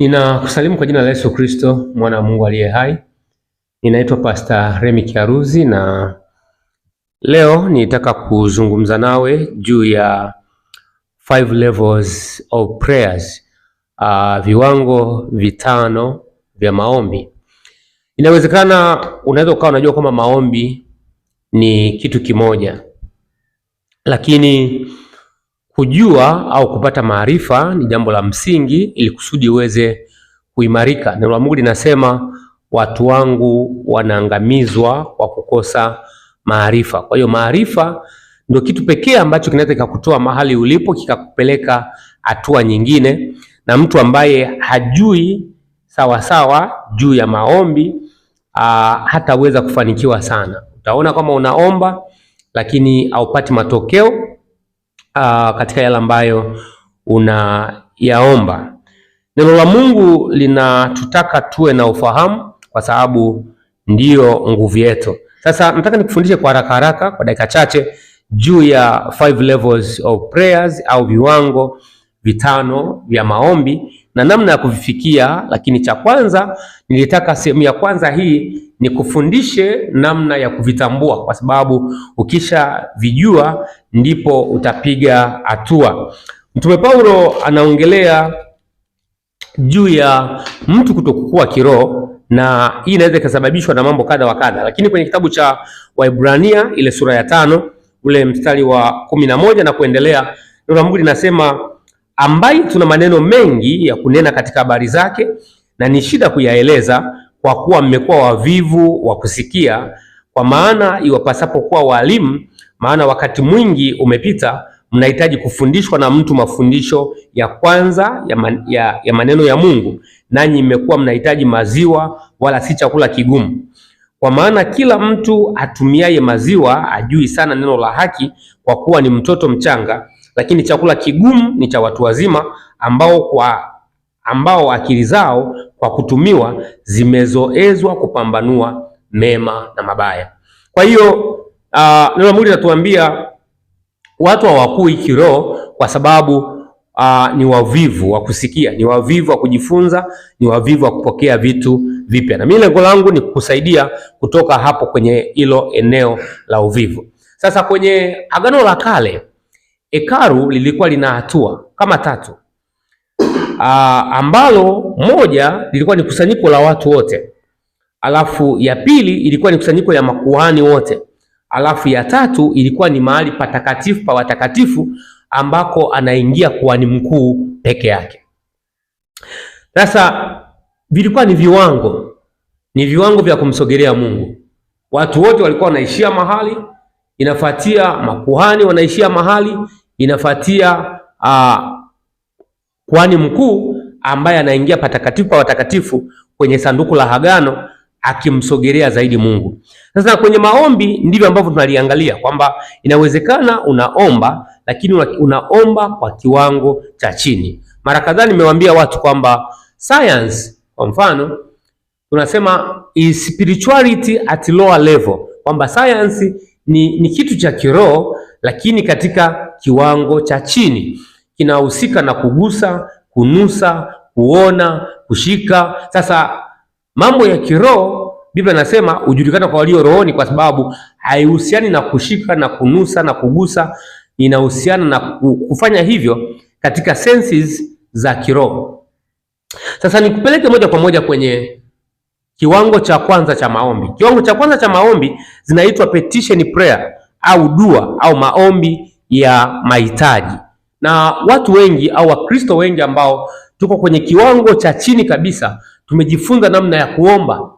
Ninakusalimu kwa jina la Yesu Kristo, mwana wa Mungu aliye hai. Ninaitwa Pastor Remi Kiaruzi na leo nitaka kuzungumza nawe juu ya five levels of prayers, uh, viwango vitano vya maombi. Inawezekana unaweza ukawa unajua kwamba maombi ni kitu kimoja, lakini Kujua au kupata maarifa ni jambo la msingi ili kusudi uweze kuimarika. Neno la Mungu linasema watu wangu wanaangamizwa kwa kukosa maarifa. Kwa hiyo maarifa ndio kitu pekee ambacho kinaweza kikakutoa mahali ulipo kikakupeleka hatua nyingine, na mtu ambaye hajui sawa sawa juu ya maombi ah, hataweza kufanikiwa sana. Utaona kama unaomba lakini haupati matokeo uh, katika yale ambayo unayaomba. Neno la Mungu linatutaka tuwe na ufahamu kwa sababu ndiyo nguvu yetu. Sasa nataka nikufundishe kwa haraka haraka kwa dakika chache juu ya five levels of prayers au viwango vitano vya maombi na namna ya kuvifikia. Lakini cha kwanza, nilitaka sehemu ya kwanza hii nikufundishe namna ya kuvitambua, kwa sababu ukishavijua ndipo utapiga hatua. Mtume Paulo anaongelea juu ya mtu kutokukua kiroho, na hii inaweza ikasababishwa na mambo kadha wa kadha, lakini kwenye kitabu cha Waibrania ile sura ya tano ule mstari wa kumi na moja na kuendelea neno la Mungu linasema ambaye tuna maneno mengi ya kunena katika habari zake na ni shida kuyaeleza kwa kuwa mmekuwa wavivu wa kusikia, kwa maana iwapasapo kuwa walimu, maana wakati mwingi umepita, mnahitaji kufundishwa na mtu mafundisho ya kwanza ya, man, ya, ya maneno ya Mungu, nanyi mmekuwa mnahitaji maziwa wala si chakula kigumu. Kwa maana kila mtu atumiaye maziwa ajui sana neno la haki, kwa kuwa ni mtoto mchanga lakini chakula kigumu ni cha watu wazima ambao kwa ambao akili zao kwa kutumiwa zimezoezwa kupambanua mema na mabaya. Kwa hiyo uh, neno la Mungu linatuambia watu hawakui kiroho kwa sababu uh, ni wavivu wa kusikia, ni wavivu wa kujifunza, ni wavivu wa kupokea vitu vipya. Na mimi lengo langu ni kukusaidia kutoka hapo kwenye hilo eneo la uvivu. Sasa kwenye Agano la Kale hekalu lilikuwa lina hatua kama tatu. Aa, ah, ambalo moja lilikuwa ni kusanyiko la watu wote, alafu ya pili ilikuwa ni kusanyiko ya makuhani wote, alafu ya tatu ilikuwa ni mahali patakatifu pa watakatifu ambako anaingia kuhani mkuu peke yake. Sasa vilikuwa ni viwango, ni viwango vya kumsogelea Mungu. Watu wote walikuwa wanaishia mahali inafuatia makuhani wanaishia mahali, inafuatia ah, kuhani mkuu ambaye anaingia patakatifu pa watakatifu kwenye sanduku la agano akimsogelea zaidi Mungu. Sasa kwenye maombi ndivyo ambavyo tunaliangalia kwamba inawezekana unaomba, lakini unaomba kwa kiwango cha chini. Mara kadhaa nimewaambia watu kwamba science kwa mfano tunasema spirituality at lower level, kwamba science ni, ni kitu cha kiroho lakini katika kiwango cha chini, kinahusika na kugusa, kunusa, kuona, kushika. Sasa mambo ya kiroho Biblia nasema ujulikana kwa walio rohoni, kwa sababu haihusiani na kushika na kunusa na kugusa, inahusiana na kufanya hivyo katika senses za kiroho. Sasa nikupeleke moja kwa moja kwenye Kiwango cha kwanza cha maombi. Kiwango cha kwanza cha maombi zinaitwa petition prayer au dua au maombi ya mahitaji, na watu wengi au Wakristo wengi ambao tuko kwenye kiwango cha chini kabisa, tumejifunza namna ya kuomba,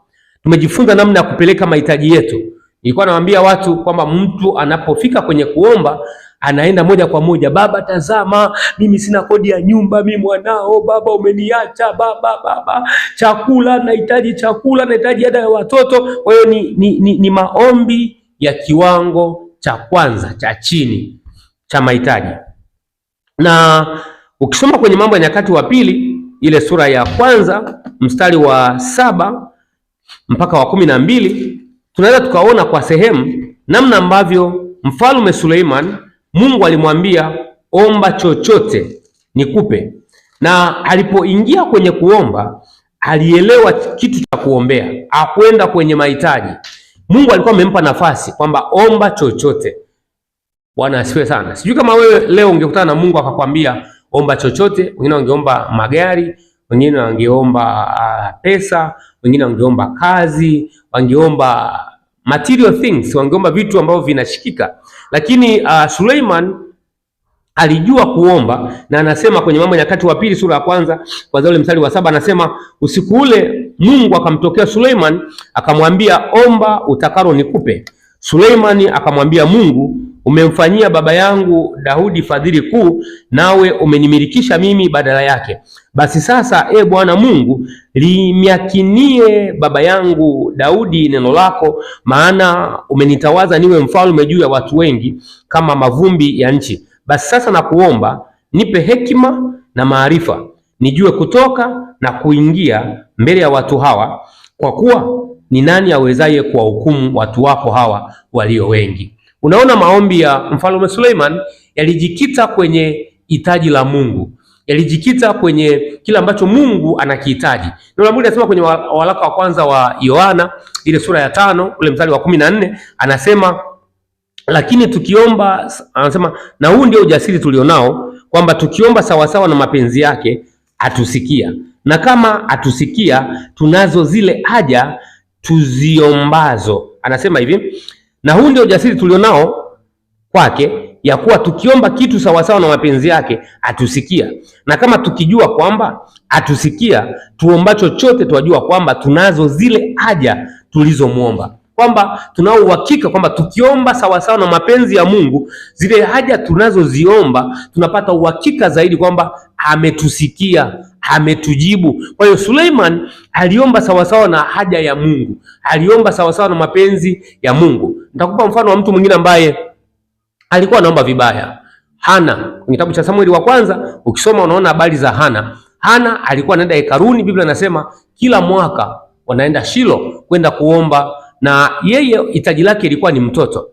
tumejifunza namna ya kupeleka mahitaji yetu. Nilikuwa nawaambia watu kwamba mtu anapofika kwenye kuomba anaenda moja kwa moja, baba, tazama, mimi sina kodi ya nyumba, mi mwanao, baba, umeniacha baba, baba, chakula nahitaji, chakula nahitaji, ada ya watoto. Kwa hiyo ni, ni, ni, ni maombi ya kiwango cha kwanza cha chini cha mahitaji, na ukisoma kwenye Mambo ya Nyakati wa Pili ile sura ya kwanza mstari wa saba mpaka wa kumi na mbili tunaweza tukaona kwa sehemu namna ambavyo mfalme Suleiman Mungu alimwambia omba chochote nikupe, na alipoingia kwenye kuomba alielewa kitu cha kuombea, akwenda kwenye mahitaji. Mungu alikuwa amempa nafasi kwamba omba chochote. Bwana asifiwe sana. Sijui kama wewe leo ungekutana na Mungu akakwambia omba chochote, wengine wangeomba magari, wengine wangeomba ah, pesa, wengine wangeomba kazi, wangeomba material things, wangeomba vitu ambavyo vinashikika. Lakini uh, Suleiman alijua kuomba na anasema kwenye Mambo ya Nyakati wa Pili sura ya kwanza kwanza ule mstari wa saba anasema usiku ule Mungu akamtokea Suleiman akamwambia, omba utakalo nikupe. suleiman akamwambia Mungu Umemfanyia baba yangu Daudi fadhili kuu, nawe umenimilikisha mimi badala yake. Basi sasa, e Bwana Mungu, limyakinie baba yangu Daudi neno lako, maana umenitawaza niwe mfalme juu ya watu wengi kama mavumbi ya nchi. Basi sasa, nakuomba nipe hekima na maarifa, nijue kutoka na kuingia mbele ya watu hawa, kwa kuwa ni nani awezaye kuwahukumu watu wako hawa walio wengi? Unaona, maombi ya mfalme Suleiman yalijikita kwenye hitaji la Mungu, yalijikita kwenye kile ambacho Mungu anakihitaji. Neno la Mungu linasema kwenye waraka wa kwanza wa Yohana ile sura ya tano ule mstari wa kumi na nne anasema lakini tukiomba, anasema na huu ndio ujasiri tulionao kwamba tukiomba sawasawa na mapenzi yake atusikia, na kama atusikia tunazo zile haja tuziombazo. Anasema hivi na huu ndio ujasiri tulionao kwake, ya kuwa tukiomba kitu sawasawa na mapenzi yake atusikia, na kama tukijua kwamba atusikia, tuomba chochote twajua kwamba tunazo zile haja tulizomwomba, kwamba tunao uhakika kwamba tukiomba sawasawa na mapenzi ya Mungu, zile haja tunazoziomba tunapata uhakika zaidi kwamba ametusikia ametujibu. Kwa hiyo Suleiman aliomba sawasawa na haja ya Mungu, aliomba sawasawa na mapenzi ya Mungu. Nitakupa mfano wa mtu mwingine ambaye alikuwa anaomba vibaya. Hana, kwenye kitabu cha Samueli wa kwanza ukisoma unaona habari za Hana. Hana alikuwa anaenda hekaruni, Biblia inasema kila mwaka wanaenda Shilo kwenda kuomba, na yeye hitaji lake ilikuwa ni mtoto,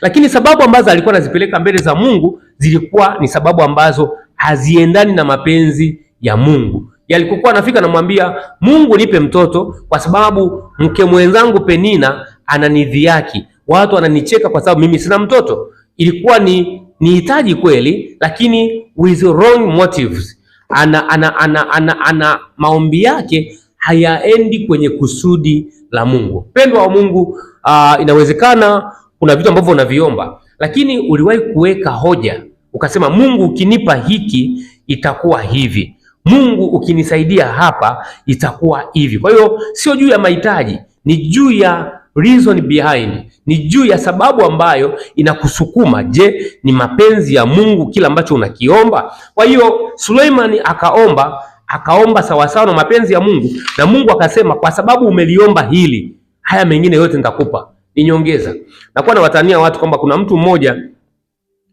lakini sababu ambazo alikuwa anazipeleka mbele za Mungu zilikuwa ni sababu ambazo haziendani na mapenzi ya Mungu. Yalikokuwa anafika namwambia Mungu, nipe mtoto kwa sababu mke mwenzangu Penina ananidhiaki watu wananicheka kwa sababu mimi sina mtoto. Ilikuwa ni nihitaji kweli, lakini with wrong motives. Ana, ana, ana, ana, ana maombi yake hayaendi kwenye kusudi la Mungu. Pendwa wa Mungu, uh, inawezekana kuna vitu ambavyo unaviomba, lakini uliwahi kuweka hoja ukasema, Mungu ukinipa hiki itakuwa hivi, Mungu ukinisaidia hapa itakuwa hivi. Kwa hiyo sio juu ya mahitaji, ni juu ya reason behind ni juu ya sababu ambayo inakusukuma. Je, ni mapenzi ya Mungu kila ambacho unakiomba? Kwa hiyo Suleimani akaomba, akaomba sawasawa na mapenzi ya Mungu, na Mungu akasema, kwa sababu umeliomba hili, haya mengine yote nitakupa, ni nyongeza. Nakuwa nawatania watu kwamba kuna mtu mmoja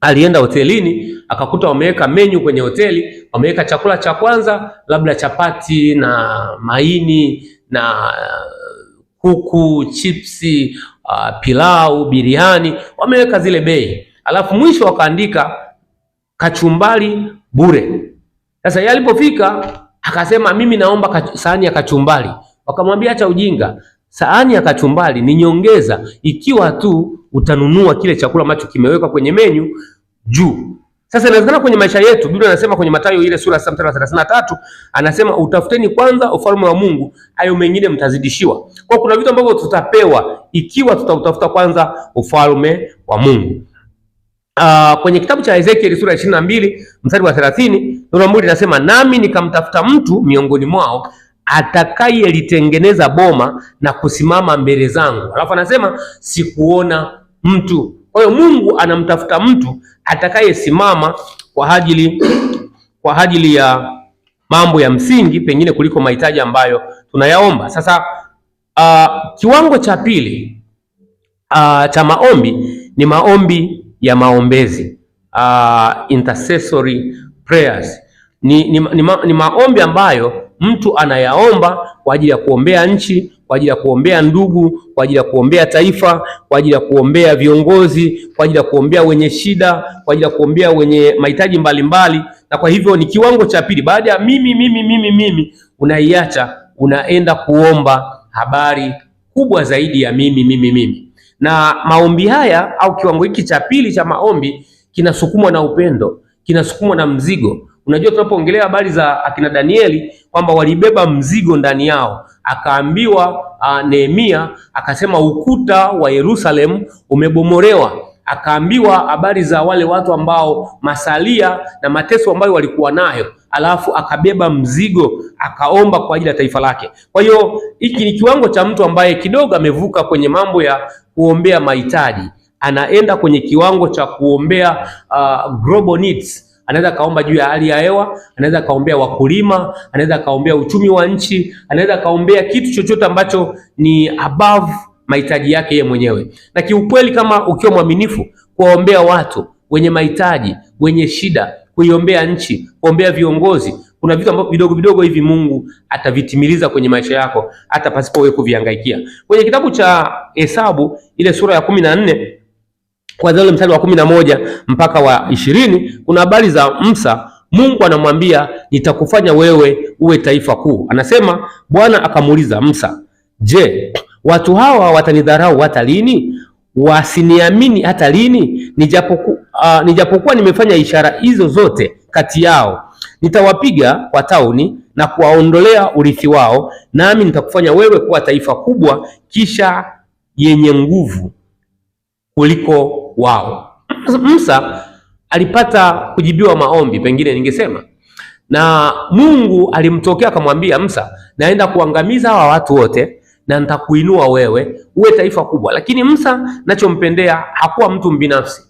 alienda hotelini akakuta wameweka menyu kwenye hoteli, wameweka chakula cha kwanza labda chapati na maini na kuku, chipsi, uh, pilau, biriani, wameweka zile bei, alafu mwisho wakaandika kachumbari bure. Sasa yeye alipofika akasema, mimi naomba sahani ya kachumbari. Wakamwambia acha ujinga, sahani ya kachumbari ni nyongeza ikiwa tu utanunua kile chakula ambacho kimewekwa kwenye menyu juu sasa inawezekana kwenye maisha yetu, Biblia inasema kwenye Mathayo ile sura ya 33 anasema utafuteni kwanza ufalme wa Mungu, hayo mengine mtazidishiwa. Kwa kuna vitu ambavyo tutapewa ikiwa tutautafuta kwanza ufalme wa Mungu. Uh, kwenye kitabu cha Ezekiel sura ya 22 mstari wa 30 neno la linasema nami nikamtafuta mtu miongoni mwao atakayelitengeneza boma na kusimama mbele zangu, alafu anasema sikuona mtu kwa hiyo Mungu anamtafuta mtu atakayesimama kwa ajili kwa ajili ya mambo ya msingi pengine kuliko mahitaji ambayo tunayaomba. Sasa uh, kiwango cha pili uh, cha maombi ni maombi ya maombezi uh, intercessory prayers ni, ni, ni, ma, ni maombi ambayo mtu anayaomba kwa ajili ya kuombea nchi, kwa ajili ya kuombea ndugu, kwa ajili ya kuombea taifa, kwa ajili ya kuombea viongozi, kwa ajili ya kuombea wenye shida, kwa ajili ya kuombea wenye mahitaji mbalimbali. Na kwa hivyo ni kiwango cha pili, baada ya mimi mimi mimi mimi, unaiacha unaenda kuomba habari kubwa zaidi ya mimi mimi mimi. Na maombi haya au kiwango hiki cha pili cha maombi kinasukumwa na upendo, kinasukumwa na mzigo Unajua, tunapoongelea habari za akina Danieli kwamba walibeba mzigo ndani yao, akaambiwa uh, Nehemia akasema ukuta wa Yerusalemu umebomolewa akaambiwa habari za wale watu ambao masalia na mateso ambayo walikuwa nayo, alafu akabeba mzigo akaomba kwa ajili ya taifa lake. Kwa hiyo hiki ni kiwango cha mtu ambaye kidogo amevuka kwenye mambo ya kuombea mahitaji, anaenda kwenye kiwango cha kuombea uh, global needs anaweza kaomba juu ya hali ya hewa, anaweza kaombea wakulima, anaweza kaombea uchumi wa nchi, anaweza kaombea kitu chochote ambacho ni above mahitaji yake yeye mwenyewe. Na kiukweli, kama ukiwa mwaminifu kuwaombea watu wenye mahitaji, wenye shida, kuiombea nchi, kuombea viongozi, kuna vitu ambavyo vidogo vidogo hivi Mungu atavitimiliza kwenye maisha yako hata pasipo wewe kuvihangaikia. Kwenye kitabu cha Hesabu ile sura ya kumi na nne kuanzia ule mstari wa kumi na moja mpaka wa ishirini kuna habari za Musa. Mungu anamwambia nitakufanya wewe uwe taifa kuu. Anasema Bwana akamuuliza Musa, je, watu hawa watanidharau hata lini? Wasiniamini hata lini? Nijapoku, uh, nijapokuwa nimefanya ishara hizo zote kati yao, nitawapiga kwa tauni na kuwaondolea urithi wao, nami nitakufanya wewe kuwa taifa kubwa kisha yenye nguvu kuliko wao. Musa alipata kujibiwa maombi, pengine ningesema, na Mungu alimtokea akamwambia Musa, naenda kuangamiza hawa watu wote na nitakuinua wewe uwe taifa kubwa. Lakini Musa nachompendea, hakuwa mtu mbinafsi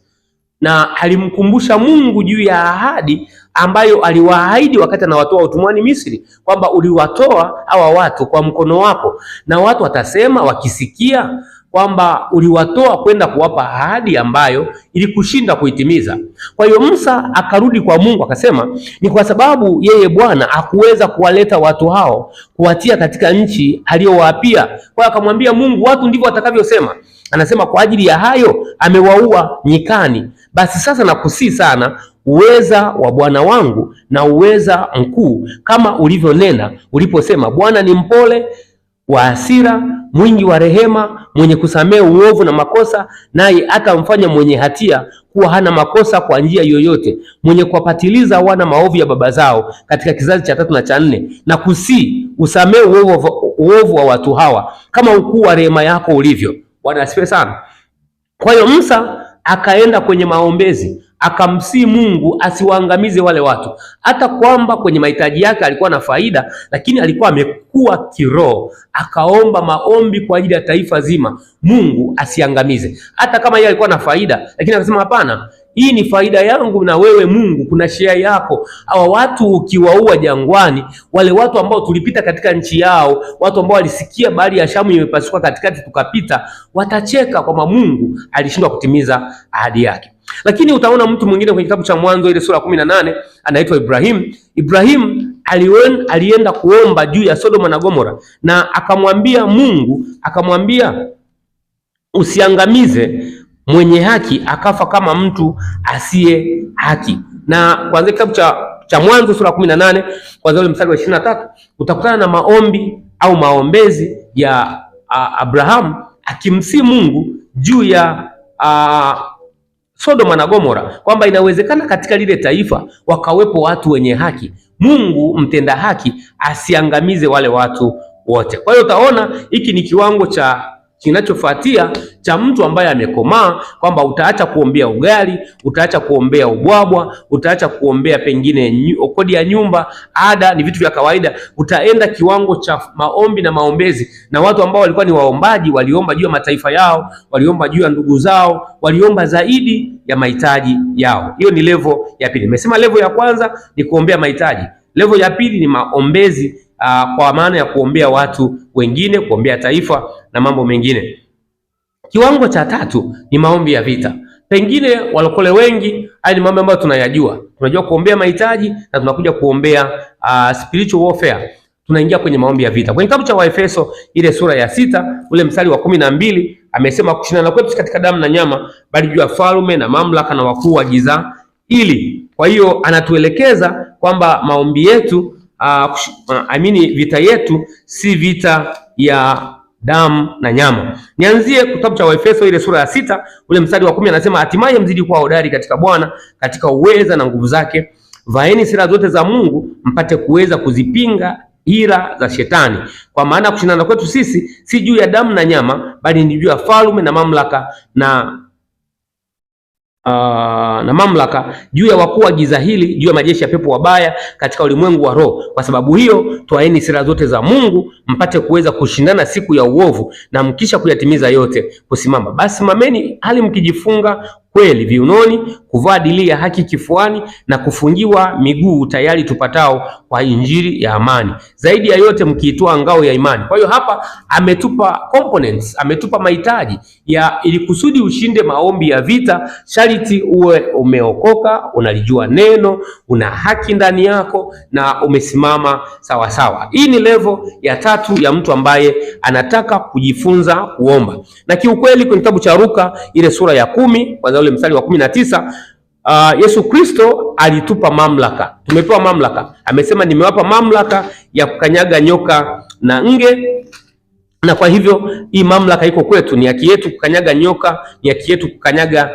na alimkumbusha Mungu juu ya ahadi ambayo aliwaahidi wakati anawatoa utumwani Misri, kwamba uliwatoa hawa watu kwa mkono wako, na watu watasema wakisikia kwamba uliwatoa kwenda kuwapa ahadi ambayo ilikushinda kuitimiza. Kwa hiyo Musa akarudi kwa Mungu akasema, ni kwa sababu yeye Bwana hakuweza kuwaleta watu hao kuwatia katika nchi aliyowaapia. Kwa hiyo akamwambia Mungu, watu ndivyo watakavyosema. Anasema kwa ajili ya hayo amewaua nyikani. Basi sasa nakusii sana uweza wa Bwana wangu na uweza mkuu, kama ulivyonena uliposema, Bwana ni mpole wa hasira, mwingi wa rehema, mwenye kusamea uovu na makosa, naye atamfanya mwenye hatia kuwa hana makosa kwa njia yoyote, mwenye kuwapatiliza wana maovu ya baba zao katika kizazi cha tatu na cha nne, na kusii usamee uovu, uovu wa watu hawa kama ukuu wa rehema yako ulivyo. Bwana asifiwe sana. Kwa hiyo Musa akaenda kwenye maombezi akamsii Mungu asiwaangamize wale watu, hata kwamba kwenye mahitaji yake alikuwa na faida, lakini alikuwa amekuwa kiroho, akaomba maombi kwa ajili ya taifa zima, Mungu asiangamize. Hata kama yeye alikuwa na faida, lakini akasema hapana, hii ni faida yangu na wewe Mungu, kuna shia yako. Hawa watu ukiwaua jangwani, wale watu ambao tulipita katika nchi yao, watu ambao walisikia bahari ya Shamu imepasuka katikati tukapita, watacheka kwamba Mungu alishindwa kutimiza ahadi yake. Lakini utaona mtu mwingine kwenye kitabu cha Mwanzo ile sura ya kumi na nane anaitwa Ibrahim. Ibrahim aliwen, alienda kuomba juu ya Sodoma na Gomora na akamwambia Mungu, akamwambia usiangamize mwenye haki akafa kama mtu asiye haki. Na kuanzia kitabu cha, cha Mwanzo sura ya kumi na nane kuanzia ule mstari wa ishirini na tatu utakutana na maombi au maombezi ya Abrahamu akimsii Mungu juu ya a, Sodoma na Gomora, kwamba inawezekana katika lile taifa wakawepo watu wenye haki, Mungu mtenda haki asiangamize wale watu wote. Kwa hiyo utaona hiki ni kiwango cha kinachofuatia cha mtu ambaye amekomaa, kwamba utaacha kuombea ugali, utaacha kuombea ubwabwa, utaacha kuombea pengine kodi ya nyumba, ada, ni vitu vya kawaida. Utaenda kiwango cha maombi na maombezi, na watu ambao walikuwa ni waombaji waliomba juu ya mataifa yao, waliomba juu ya ndugu zao, waliomba zaidi ya mahitaji yao. Hiyo ni levo ya pili. Nimesema levo ya kwanza ni kuombea mahitaji, levo ya pili ni maombezi uh, kwa maana ya kuombea watu wengine, kuombea taifa na mambo mengine. Kiwango cha tatu ni maombi ya vita. Pengine walokole wengi, haya ni mambo ambayo tunayajua. Tunajua kuombea mahitaji na tunakuja kuombea uh, spiritual warfare tunaingia kwenye maombi ya vita. Kwenye kitabu cha Waefeso ile sura ya sita ule mstari wa kumi na mbili amesema kushindana kwetu katika damu na nyama, bali juu ya falme na mamlaka na wakuu wa giza ili. Kwa hiyo anatuelekeza kwamba maombi yetu uh, uh, amini vita yetu si vita ya damu na nyama. Nianzie kitabu cha Waefeso ile sura ya sita ule mstari wa kumi anasema hatimaye mzidi kuwa hodari katika Bwana, katika uweza na nguvu zake, vaeni silaha zote za Mungu mpate kuweza kuzipinga hila za shetani, kwa maana kushindana kwetu sisi si juu ya damu na nyama, bali ni juu ya falme na mamlaka na uh, na mamlaka juu ya wakuu wa giza hili, juu ya majeshi ya pepo wabaya katika ulimwengu wa roho. Kwa sababu hiyo, twaeni sera zote za Mungu mpate kuweza kushindana siku ya uovu, na mkisha kuyatimiza yote kusimama. Basi simameni hali mkijifunga kweli viunoni, kuvaa dili ya haki kifuani na kufungiwa miguu tayari tupatao kwa injili ya amani, zaidi ya yote mkiitoa ngao ya imani. Kwa hiyo hapa ametupa components, ametupa mahitaji ya ili kusudi ushinde maombi ya vita, shariti uwe umeokoka, unalijua neno, una haki ndani yako na umesimama sawasawa sawa. Hii ni level ya tatu ya mtu ambaye anataka kujifunza kuomba, na kiukweli kwenye kitabu cha Luka ile sura ya kumi kwanza ule mstari wa kumi na tisa uh, Yesu Kristo alitupa mamlaka, tumepewa mamlaka. Amesema nimewapa mamlaka ya kukanyaga nyoka na nge na kwa hivyo hii mamlaka iko kwetu, ni haki yetu kukanyaga nyoka, ni haki yetu kukanyaga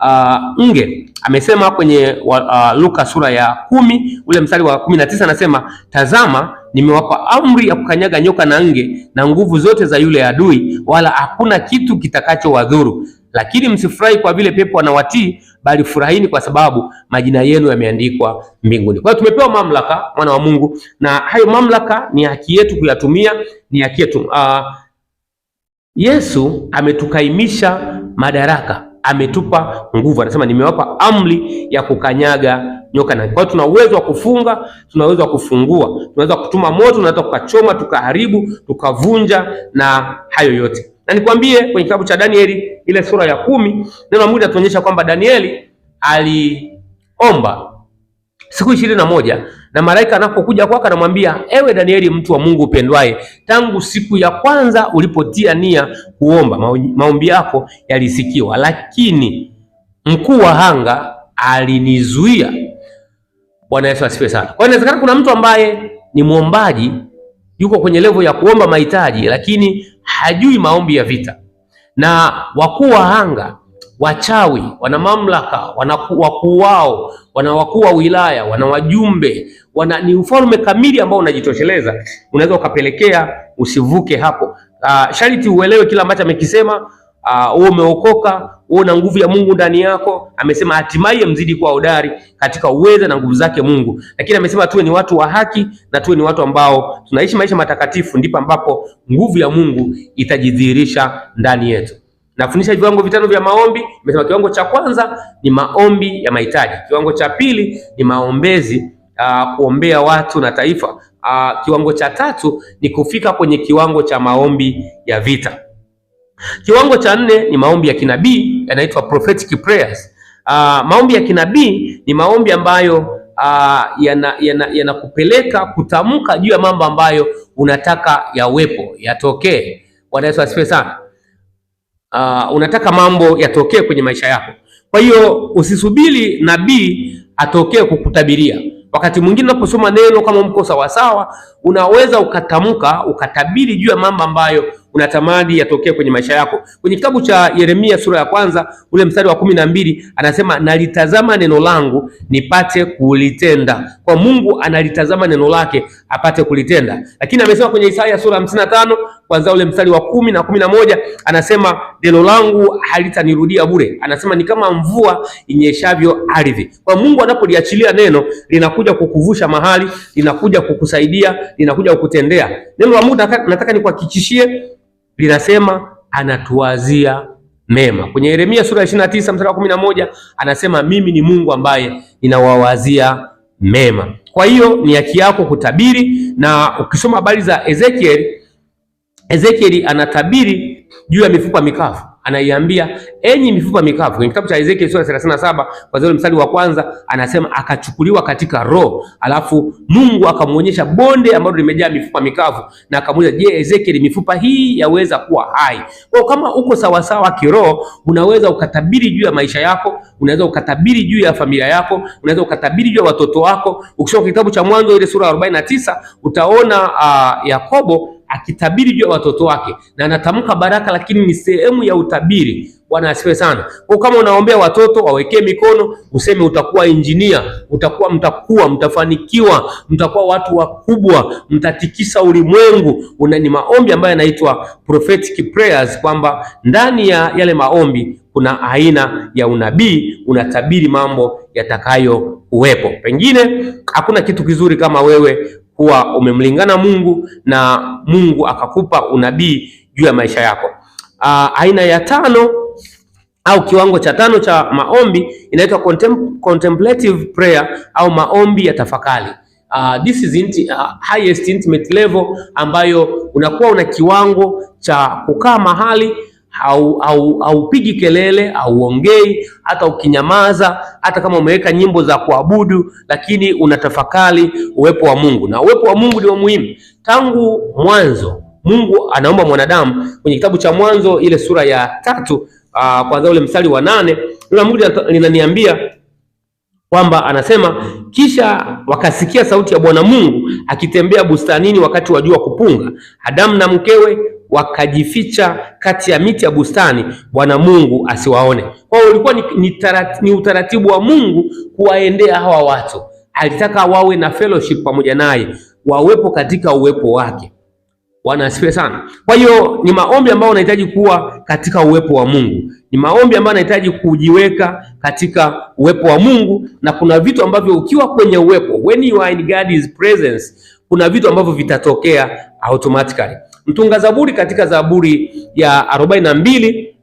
uh, nge. Amesema kwenye uh, Luka sura ya kumi ule mstari wa kumi na tisa anasema, tazama nimewapa amri ya kukanyaga nyoka na nge na nguvu zote za yule adui, wala hakuna kitu kitakachowadhuru. Lakini msifurahi kwa vile pepo anawatii bali furahini kwa sababu majina yenu yameandikwa mbinguni. Kwa hiyo tumepewa mamlaka, mwana wa Mungu, na hayo mamlaka ni haki yetu kuyatumia, ni haki yetu. Uh, Yesu ametukaimisha madaraka, ametupa nguvu. Anasema nimewapa amri ya kukanyaga nyoka na. Kwa hiyo tuna uwezo wa kufunga, tuna uwezo wa kufungua, tunaweza kutuma moto, tunaweza tukachoma, tukaharibu, tukavunja na hayo yote. Na nikwambie kwenye kitabu cha Danieli ile sura ya kumi neno la Mungu linatuonyesha kwamba Danieli aliomba siku ishirini na moja na malaika anapokuja kwake anamwambia, ewe Danieli, mtu wa Mungu upendwaye, tangu siku ya kwanza ulipotia nia kuomba, maombi yako yalisikiwa, lakini mkuu wa anga alinizuia Bwana Yesu asifiwe sana. Kwa hiyo inawezekana kuna mtu ambaye ni mwombaji, yuko kwenye levo ya kuomba mahitaji, lakini hajui maombi ya vita, na wakuu wa anga, wachawi, wana mamlaka, wana wakuu wao, wana wakuu wa wilaya, wana wajumbe, wana ni ufalme kamili ambao unajitosheleza, unaweza ukapelekea usivuke hapo. Uh, ah, shariti uelewe kila ambacho amekisema Ah, wewe umeokoka, wewe una nguvu ya Mungu ndani yako. Amesema hatimaye mzidi kuwa hodari katika uweza na nguvu zake Mungu, lakini amesema tuwe ni watu wa haki na tuwe ni watu ambao tunaishi maisha matakatifu, ndipo ambapo nguvu ya Mungu itajidhihirisha ndani yetu. Nafundisha viwango vitano vya maombi. Nimesema kiwango cha kwanza ni maombi ya mahitaji, kiwango cha pili ni maombezi, uh, kuombea watu na taifa, uh, kiwango cha tatu ni kufika kwenye kiwango cha maombi ya vita Kiwango cha nne ni maombi ya kinabii yanaitwa prophetic prayers. Uh, maombi ya kinabii ni maombi ambayo Uh, ah, yanakupeleka yana, yana kutamka juu ya mambo ambayo unataka yawepo yatokee. Bwana Yesu asifiwe sana. Uh, unataka mambo yatokee kwenye maisha yako, kwa hiyo usisubiri nabii atokee kukutabiria. Wakati mwingine unaposoma neno, kama mko sawasawa, unaweza ukatamka ukatabiri juu ya mambo ambayo unatamani yatokee kwenye maisha yako. Kwenye kitabu cha Yeremia sura ya kwanza ule mstari wa kumi na mbili anasema nalitazama neno langu nipate kulitenda. Kwa Mungu analitazama neno lake apate kulitenda, lakini amesema kwenye Isaya sura hamsini na tano kwanza ule mstari wa kumi na kumi na moja anasema neno langu halitanirudia bure, anasema ni kama mvua inyeshavyo ardhi. Kwa Mungu anapoliachilia neno linakuja kukuvusha mahali, linakuja kukusaidia, linakuja kukutendea. Neno la Mungu nataka, nataka nikuhakikishie linasema anatuwazia mema. Kwenye Yeremia sura ya 29 mstari wa kumi moja anasema mimi ni Mungu ambaye ninawawazia mema. Kwa hiyo ni haki yako kutabiri, na ukisoma habari za Ezekieli, Ezekieli anatabiri juu ya mifupa mikavu anaiambia enyi mifupa mikavu. Kwenye kitabu cha Ezekiel sura 37 zile mstari wa kwanza anasema akachukuliwa katika roho, alafu Mungu akamwonyesha bonde ambalo limejaa mifupa mikavu, na akamuuliza, je, Ezekiel, mifupa hii yaweza kuwa hai? Kwa kama uko sawasawa kiroho, unaweza ukatabiri juu ya maisha yako, unaweza ukatabiri juu ya familia yako, unaweza ukatabiri juu ya watoto wako. Ukisoma kitabu cha Mwanzo ile sura ya 49 utaona uh, Yakobo akitabiri juu ya watoto wake na anatamka baraka, lakini ni sehemu ya utabiri. Bwana asifiwe sana. Kwa kama unaombea watoto, wawekee mikono, useme utakuwa injinia, utakuwa, mtakuwa, mtafanikiwa, mtakuwa watu wakubwa, mtatikisa ulimwengu. Una ni maombi ambayo yanaitwa prophetic prayers, kwamba ndani ya yale maombi kuna aina ya unabii, unatabiri mambo yatakayo uwepo. Pengine hakuna kitu kizuri kama wewe kuwa umemlingana Mungu na Mungu akakupa unabii juu ya maisha yako. Uh, aina ya tano au kiwango cha tano cha maombi inaitwa contem contemplative prayer au maombi ya tafakari. Uh, this is inti, uh, highest intimate level ambayo unakuwa una kiwango cha kukaa mahali haupigi au, au kelele hauongei, hata ukinyamaza, hata kama umeweka nyimbo za kuabudu, lakini unatafakari uwepo wa Mungu, na uwepo wa Mungu ni muhimu. Tangu mwanzo Mungu anaomba mwanadamu kwenye kitabu cha Mwanzo ile sura ya tatu ah, kwanza ule mstari wa nane na Mungu linaniambia kwamba anasema, kisha wakasikia sauti ya Bwana Mungu akitembea bustanini wakati wa jua kupunga, Adamu na mkewe wakajificha kati ya miti ya bustani, Bwana Mungu asiwaone. Kwa hiyo ulikuwa ni, ni, ni utaratibu wa Mungu kuwaendea hawa watu. Alitaka wawe na fellowship pamoja naye, wawepo katika uwepo wake. Bwana asifiwe sana. Kwa hiyo ni maombi ambayo unahitaji kuwa katika uwepo wa Mungu, ni maombi ambayo unahitaji kujiweka katika uwepo wa Mungu, na kuna vitu ambavyo ukiwa kwenye uwepo, when you are in God's presence, kuna vitu ambavyo vitatokea automatically. Mtunga Zaburi katika Zaburi ya arobaini na mbili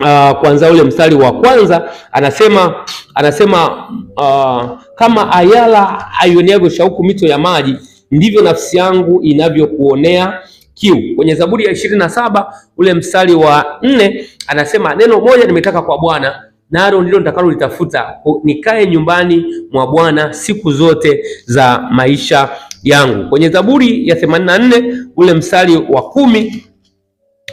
uh, ah, kwanza ule mstari wa kwanza anasema anasema uh, kama ayala aioneavyo shauku mito ya maji, ndivyo nafsi yangu inavyokuonea kiu. Kwenye Zaburi ya ishirini na saba ule mstari wa nne anasema neno moja nimetaka kwa Bwana nalo ndilo nitakalo litafuta, nikae nyumbani mwa Bwana siku zote za maisha yangu. Kwenye Zaburi ya 84 ule mstari wa kumi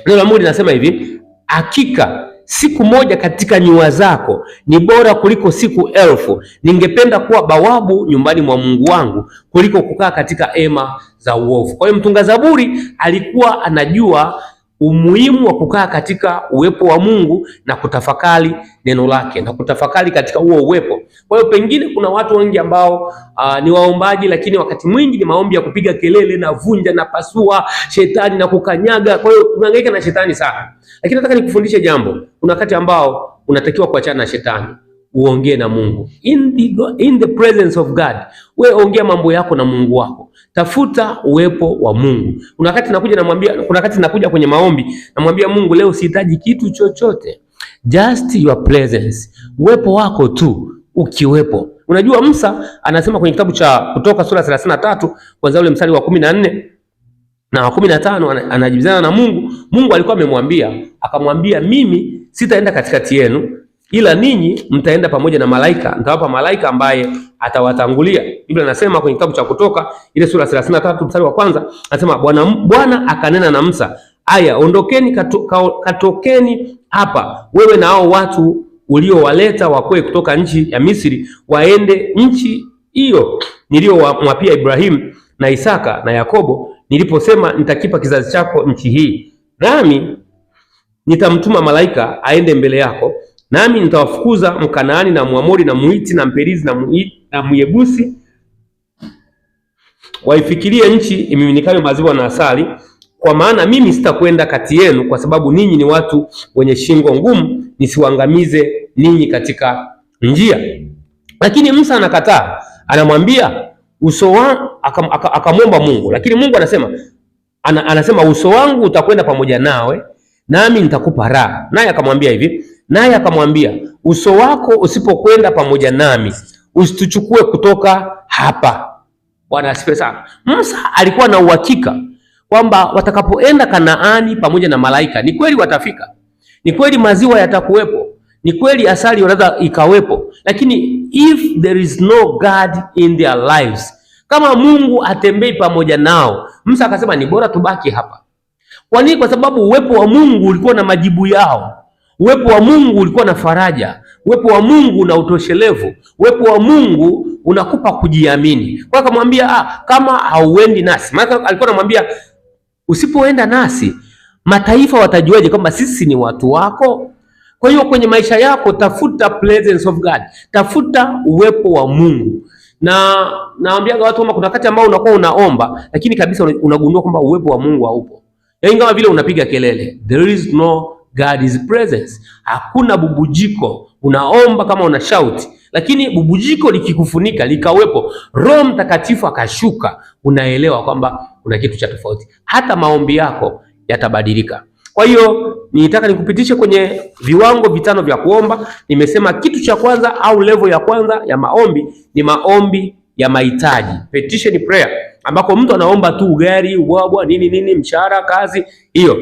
neno la Mungu linasema hivi, hakika siku moja katika nyua zako ni bora kuliko siku elfu. Ningependa kuwa bawabu nyumbani mwa Mungu wangu kuliko kukaa katika hema za uovu. Kwa hiyo mtunga Zaburi alikuwa anajua umuhimu wa kukaa katika uwepo wa Mungu na kutafakari neno lake na kutafakari katika huo uwepo. Kwa hiyo pengine kuna watu wengi ambao uh, ni waombaji lakini wakati mwingi ni maombi ya kupiga kelele na vunja na pasua shetani na kukanyaga. Kwa hiyo unahangaika na shetani sana, lakini nataka nikufundishe jambo. Kuna wakati ambao unatakiwa kuachana na shetani uongee na Mungu in the, in the presence of God. Wewe ongea mambo yako na Mungu wako Tafuta uwepo wa Mungu. Kuna wakati nakuja namwambia, kuna wakati nakuja kwenye maombi namwambia Mungu, leo sihitaji kitu chochote, just your presence, uwepo wako tu ukiwepo. Unajua Musa anasema kwenye kitabu cha Kutoka sura 33 kwanza ule mstari wa 14 na wa 15, anajibizana na Mungu. Mungu alikuwa amemwambia akamwambia, mimi sitaenda katikati yenu ila ninyi mtaenda pamoja na malaika, nitawapa malaika ambaye atawatangulia. Biblia inasema kwenye kitabu cha Kutoka ile sura 33 mstari wa kwanza, anasema Bwana Bwana akanena na Musa, aya ondokeni, kato, katokeni hapa wewe na hao watu uliowaleta wakwe kutoka nchi ya Misri, waende nchi hiyo niliyowapia Ibrahimu na Isaka na Yakobo, niliposema nitakipa kizazi chako nchi hii, nami nitamtuma malaika aende mbele yako nami nitawafukuza Mkanaani na Mwamori na Muiti na Mperizi na Myebusi waifikirie nchi imiminikayo maziwa na asali, kwa maana mimi sitakwenda kati yenu, kwa sababu ninyi ni watu wenye shingo ngumu, nisiwaangamize ninyi katika njia. Lakini Musa anakataa, anamwambia uso wa akamwomba Mungu, lakini Mungu anasema ana, anasema uso wangu utakwenda pamoja nawe nami nitakupa raha. Naye akamwambia hivi naye akamwambia, uso wako usipokwenda pamoja nami usituchukue kutoka hapa. Bwana asifiwe sana. Musa alikuwa na uhakika kwamba watakapoenda Kanaani pamoja na malaika, ni kweli watafika, ni kweli maziwa yatakuwepo, ni kweli asali wanaweza ikawepo, lakini if there is no God in their lives, kama Mungu atembei pamoja nao, Musa akasema ni bora tubaki hapa. Kwa nini? Kwa sababu uwepo wa Mungu ulikuwa na majibu yao Uwepo wa Mungu ulikuwa na faraja, uwepo wa Mungu una utoshelevu, uwepo wa Mungu unakupa kujiamini. Kwa akamwambia ah, kama hauendi nasi, maana alikuwa anamwambia usipoenda nasi mataifa watajuaje kwamba sisi ni watu wako? Kwa hiyo kwenye maisha yako tafuta presence of God, tafuta uwepo wa Mungu. Na naambiaga watu kwamba kuna wakati ambao unakuwa unaomba, lakini kabisa unagundua kwamba uwepo wa Mungu haupo, yaani kama vile unapiga kelele, there is no God is presence. Hakuna bubujiko. Unaomba kama una shauti, lakini bubujiko likikufunika likawepo, Roho Mtakatifu akashuka, unaelewa kwamba kuna kitu cha tofauti, hata maombi yako yatabadilika. Kwa hiyo nitaka nikupitishe kwenye viwango vitano vya kuomba. Nimesema kitu cha kwanza au level ya kwanza ya maombi ni maombi ya mahitaji, petition prayer, ambako mtu anaomba tu ugali, ubwabwa, nini nini, mshahara, kazi hiyo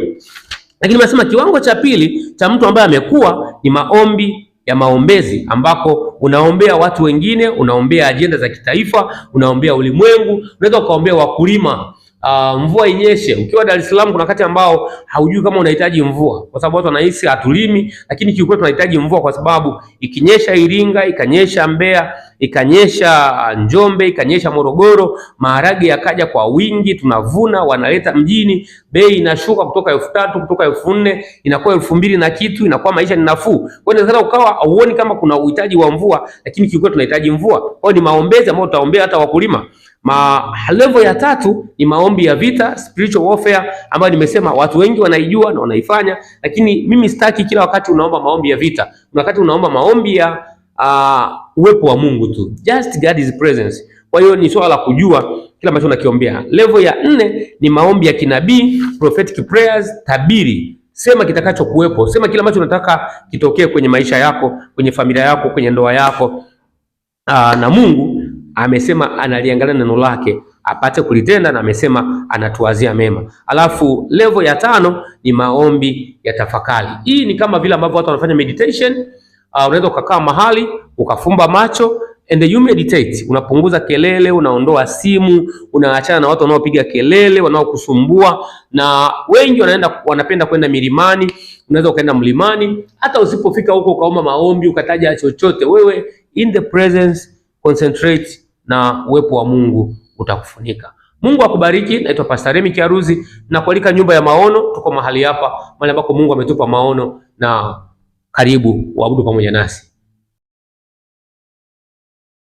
lakini nasema kiwango cha pili cha mtu ambaye amekuwa ni maombi ya maombezi, ambako unaombea watu wengine, unaombea ajenda za kitaifa, unaombea ulimwengu, unaweza ukaombea wakulima uh, mvua inyeshe. Ukiwa Dar es Salaam kuna wakati ambao haujui kama unahitaji mvua, kwa sababu watu wanahisi hatulimi, lakini kiukweli tunahitaji mvua, kwa sababu ikinyesha Iringa, ikanyesha Mbeya, ikanyesha Njombe, ikanyesha Morogoro, maharage yakaja kwa wingi, tunavuna, wanaleta mjini, bei inashuka kutoka elfu tatu kutoka elfu nne inakuwa elfu mbili na kitu, inakuwa maisha ni nafuu. Kwa hiyo inaweza ukawa hauoni kama kuna uhitaji wa mvua, lakini kiukweli tunahitaji mvua. Kwa hiyo ni maombezi ambayo tutaombea hata wakulima Ma level ya tatu ni maombi ya vita, spiritual warfare, ambayo nimesema watu wengi wanaijua na wanaifanya, lakini mimi sitaki kila wakati unaomba maombi ya vita. Kuna wakati unaomba maombi ya uh, uwepo wa Mungu tu, just God is presence. Kwa hiyo ni swala la kujua kila ambacho unakiombea. Level ya nne ni maombi ya kinabii, prophetic prayers, tabiri Sema kitakacho kuwepo, sema kile ambacho unataka kitokee kwenye maisha yako, kwenye familia yako, kwenye ndoa yako aa, ah, na Mungu amesema analiangalia neno lake apate kulitenda, na amesema anatuwazia mema. Alafu level ya tano ni maombi ya tafakari. Hii ni kama vile ambavyo watu wanafanya meditation. Uh, unaweza ukakaa mahali ukafumba macho and you meditate. Unapunguza kelele, unaondoa simu, unaachana na watu wanaopiga kelele, wanaokusumbua. Na wengi wanaenda wanapenda kwenda milimani. Unaweza ukaenda mlimani, hata usipofika huko ukaomba maombi ukataja chochote, wewe in the presence concentrate na uwepo wa Mungu utakufunika. Mungu akubariki. Naitwa Pastor Remi Kiaruzi na kualika nyumba ya maono. Tuko mahali hapa, mahali ambako Mungu ametupa maono, na karibu uabudu pamoja nasi.